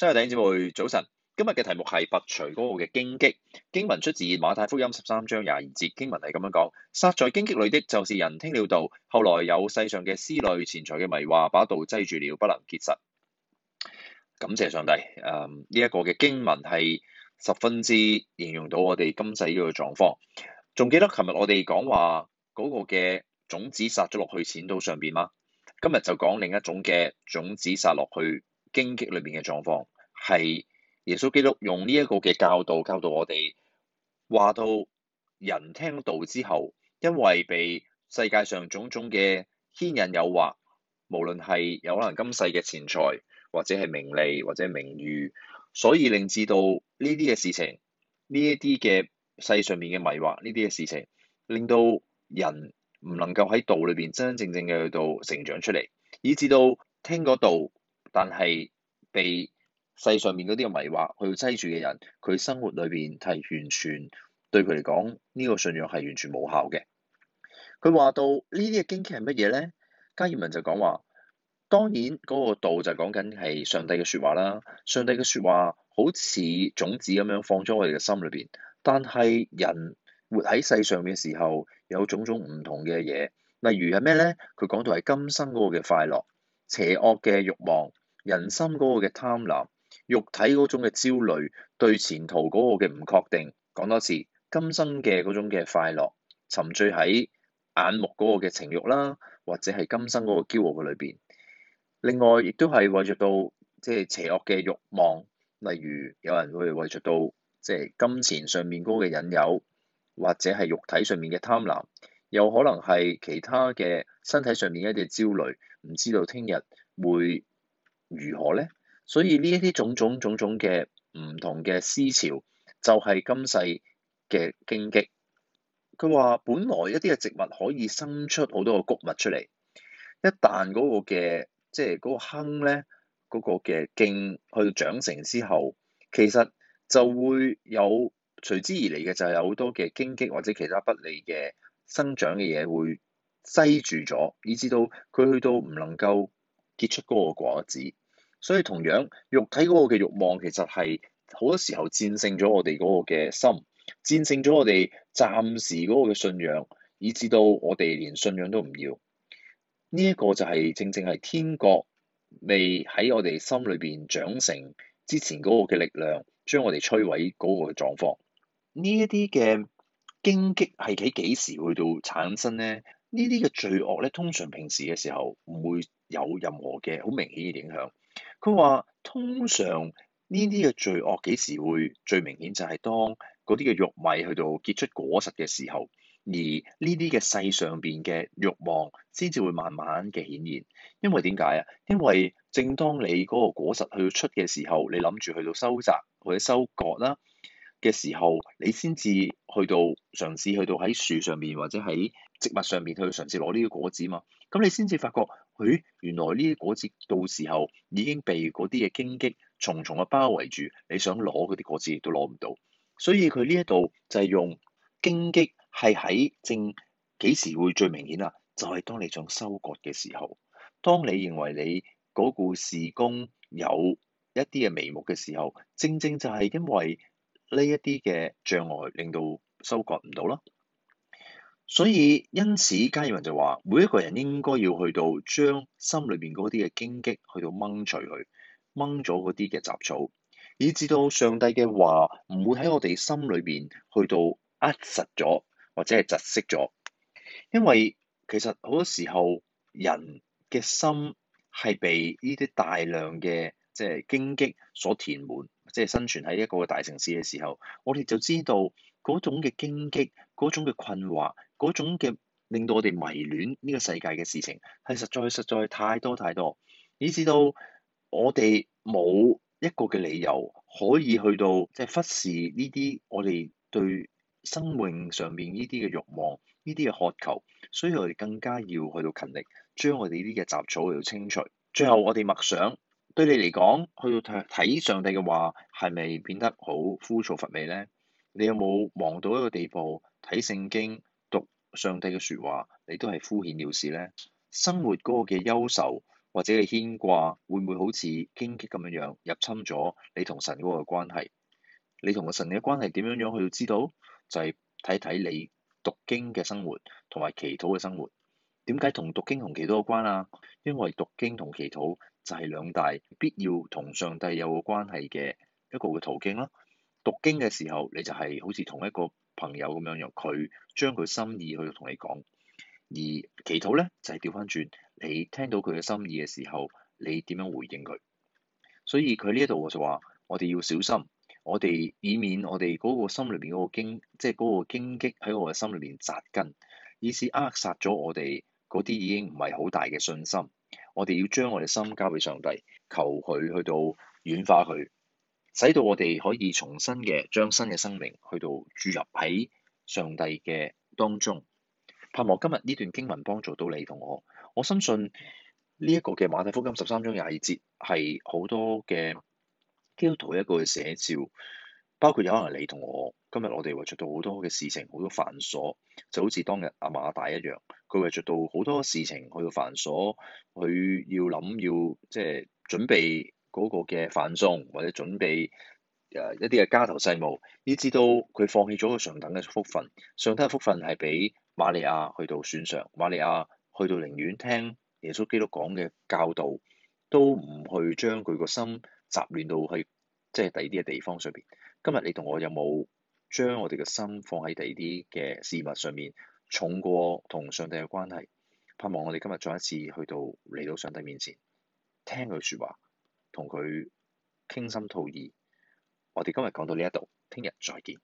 三位弟兄姊妹，早晨。今日嘅題目係拔除嗰個嘅荊棘。經文出自馬太福音十三章廿二節，經文係咁樣講：撒在荊棘裏的就是人聽了道，後來有世上嘅思慮、錢財嘅迷惑，把道擠住了，不能結實。感謝上帝，誒、嗯，呢、這、一個嘅經文係十分之形容到我哋今世呢個狀況。仲記得琴日我哋講話嗰個嘅種子撒咗落去淺土上邊嗎？今日就講另一種嘅種子撒落去。荊棘裏面嘅狀況係耶穌基督用呢一個嘅教導教導我哋話到人聽道之後，因為被世界上種種嘅牽引誘惑，無論係有可能今世嘅錢財，或者係名利或者名譽，所以令至到呢啲嘅事情，呢一啲嘅世上面嘅迷惑，呢啲嘅事情，令到人唔能夠喺道裏邊真真正正嘅去到成長出嚟，以至到聽嗰道。但係被世上面嗰啲嘅迷惑去擠住嘅人，佢生活裏邊係完全對佢嚟講呢個信仰係完全冇效嘅。佢話到驚奇呢啲嘅荊棘係乜嘢咧？加爾文就講話，當然嗰、嗰個道就講緊係上帝嘅說話啦。上帝嘅說話好似種子咁樣放咗我哋嘅心裏邊，但係人活喺世上嘅時候有種種唔同嘅嘢，例如係咩咧？佢講到係今生嗰個嘅快樂、邪惡嘅欲望。人心嗰個嘅貪婪，肉體嗰種嘅焦慮，對前途嗰個嘅唔確定。講多次，今生嘅嗰種嘅快樂，沉醉喺眼目嗰個嘅情慾啦，或者係今生嗰個驕傲嘅裏邊。另外，亦都係為着到即係、就是、邪惡嘅慾望，例如有人會為着到即係、就是、金錢上面嗰個嘅引誘，或者係肉體上面嘅貪婪，又可能係其他嘅身體上面一啲焦慮，唔知道聽日會如何咧？所以呢一啲種種種種嘅唔同嘅思潮，就係今世嘅荊棘。佢話，本來一啲嘅植物可以生出好多嘅穀物出嚟，一旦嗰個嘅即係嗰個坑咧，嗰、那個嘅莖去到長成之後，其實就會有隨之而嚟嘅就係有好多嘅荊棘或者其他不利嘅生長嘅嘢會擠住咗，以至到佢去到唔能夠。結出嗰個果子，所以同樣，肉體嗰個嘅慾望其實係好多時候戰勝咗我哋嗰個嘅心，戰勝咗我哋暫時嗰個嘅信仰，以至到我哋連信仰都唔要。呢、這、一個就係、是、正正係天國未喺我哋心裏邊長成之前嗰個嘅力量，將我哋摧毀嗰個狀況。呢一啲嘅荊棘係喺幾時去到產生咧？呢啲嘅罪惡咧，通常平時嘅時候唔會。有任何嘅好明顯嘅影響。佢話：通常呢啲嘅罪惡幾時會最明顯？就係當嗰啲嘅玉米去到結出果實嘅時候，而呢啲嘅世上邊嘅慾望先至會慢慢嘅顯現。因為點解啊？因為正當你嗰個果實去到出嘅時候，你諗住去到收摘或者收割啦嘅時候，你先至去到嘗試去到喺樹上面或者喺植物上面去到嘗試攞呢啲果子嘛。咁你先至發覺。誒，原來呢啲果子到時候已經被嗰啲嘅荊棘重重嘅包圍住，你想攞嗰啲果子都攞唔到。所以佢呢一度就係用荊棘係喺正幾時會最明顯啊？就係、是、當你想收割嘅時候，當你認為你嗰個事工有一啲嘅眉目嘅時候，正正就係因為呢一啲嘅障礙令到收割唔到咯。所以，因此，加爾文就話：每一個人應該要去到將心裏面嗰啲嘅荊棘去到掹除佢，掹咗嗰啲嘅雜草，以至到上帝嘅話唔會喺我哋心裏邊去到扼實咗，或者係窒息咗。因為其實好多時候，人嘅心係被呢啲大量嘅即係荊棘所填滿。即係生存喺一個大城市嘅時候，我哋就知道嗰種嘅荊棘，嗰種嘅困惑。嗰種嘅令到我哋迷戀呢個世界嘅事情，係實在實在太多太多，以至到我哋冇一個嘅理由可以去到即係、就是、忽視呢啲我哋對生命上面呢啲嘅慾望，呢啲嘅渴求，所以我哋更加要去到勤力，將我哋呢啲嘅雜草去到清除。最後我哋默想，對你嚟講，去到睇上帝嘅話係咪變得好枯燥乏味咧？你有冇忙到一個地步睇聖經？上帝嘅説話，你都係敷衍了事咧。生活嗰個嘅憂愁或者係牽掛，會唔會好似荊棘咁樣樣入侵咗你同神嗰個關係？你同個神嘅關係點樣樣，佢要知道，就係睇睇你讀經嘅生活同埋祈禱嘅生活。點解同讀經同祈禱有關啊？因為讀經同祈禱就係兩大必要同上帝有個關係嘅一個嘅途徑啦。讀經嘅時候，你就係好似同一個。朋友咁樣樣，佢將佢心意去同你講，而祈禱咧就係調翻轉，你聽到佢嘅心意嘅時候，你點樣回應佢？所以佢呢一度就話：我哋要小心，我哋以免我哋嗰個心裏邊嗰個荊，即係嗰個荊棘喺我嘅心裏邊扎根，以致扼殺咗我哋嗰啲已經唔係好大嘅信心。我哋要將我哋心交俾上帝，求佢去到軟化佢。使到我哋可以重新嘅將新嘅生命去到注入喺上帝嘅當中。盼望今日呢段經文幫助到你同我。我相信呢一個嘅馬太福音十三章廿二節係好多嘅基督徒一個嘅寫照，包括有可能你同我今日我哋會遇到好多嘅事情，好多繁瑣，就好似當日阿馬大一樣，佢會遇到好多事情，去到繁瑣，佢要諗要即係準備嗰個嘅飯餸或者準備誒一啲嘅家頭世務，以致到佢放棄咗個上等嘅福分。上等嘅福分係俾瑪利亞去到選上，瑪利亞去到寧願聽耶穌基督講嘅教導，都唔去將佢個心雜亂到去即係第二啲嘅地方上邊。今日你同我有冇將我哋嘅心放喺第二啲嘅事物上面，重過同上帝嘅關係？盼望我哋今日再一次去到嚟到上帝面前聽佢説話。同佢傾心吐意，我哋今日講到呢一度，聽日再見。